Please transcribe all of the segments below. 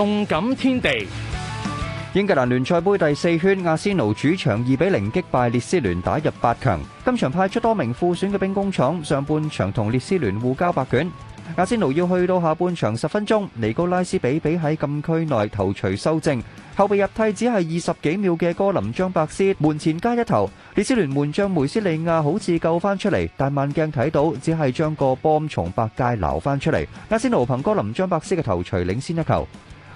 動感天地，英格蘭聯賽盃第四圈，阿仙奴主場二比零擊敗列斯聯，打入八強。今場派出多名副選嘅兵工廠，上半場同列斯聯互交白卷。阿仙奴要去到下半場十分鐘，尼高拉斯比比喺禁區內頭錘修正，後備入替只係二十幾秒嘅哥林張伯斯門前加一頭。列斯聯門將梅斯利亞好似救翻出嚟，但慢鏡睇到只係將個波從白界撈翻出嚟。阿仙奴憑哥林張伯斯嘅頭錘領先一球。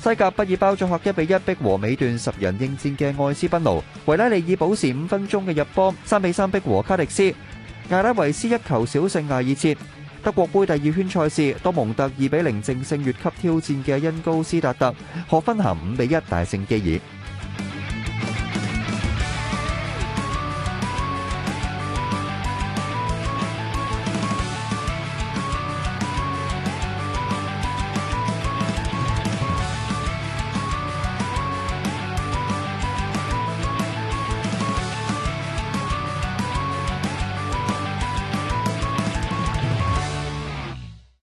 西甲畢爾包作客一比一逼和尾段十人應戰嘅愛斯賓奴，維拉利爾保持五分鐘嘅入波，三比三逼和卡迪斯。艾拉維斯一球小勝艾爾切。德國杯第二圈賽事，多蒙特二比零淨勝越級挑戰嘅因高斯達特，可分行五比一大勝基爾。